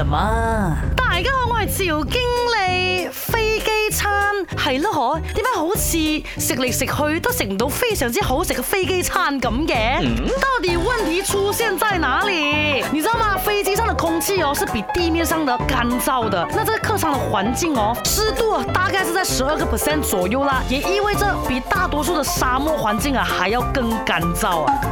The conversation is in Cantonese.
什麼？大家好，我係趙經理，飛機餐係咯嗬，點解好似食嚟食去都食唔到非常之好食嘅飛機餐咁嘅、嗯？到底問題出現在哪裏？你知道嗎？飛機上的空氣哦，是比地面上的乾燥的，那這個客艙的環境哦，濕度大概是在十二個 percent 左右啦，也意味着比大多數的沙漠環境啊還要更乾燥啊。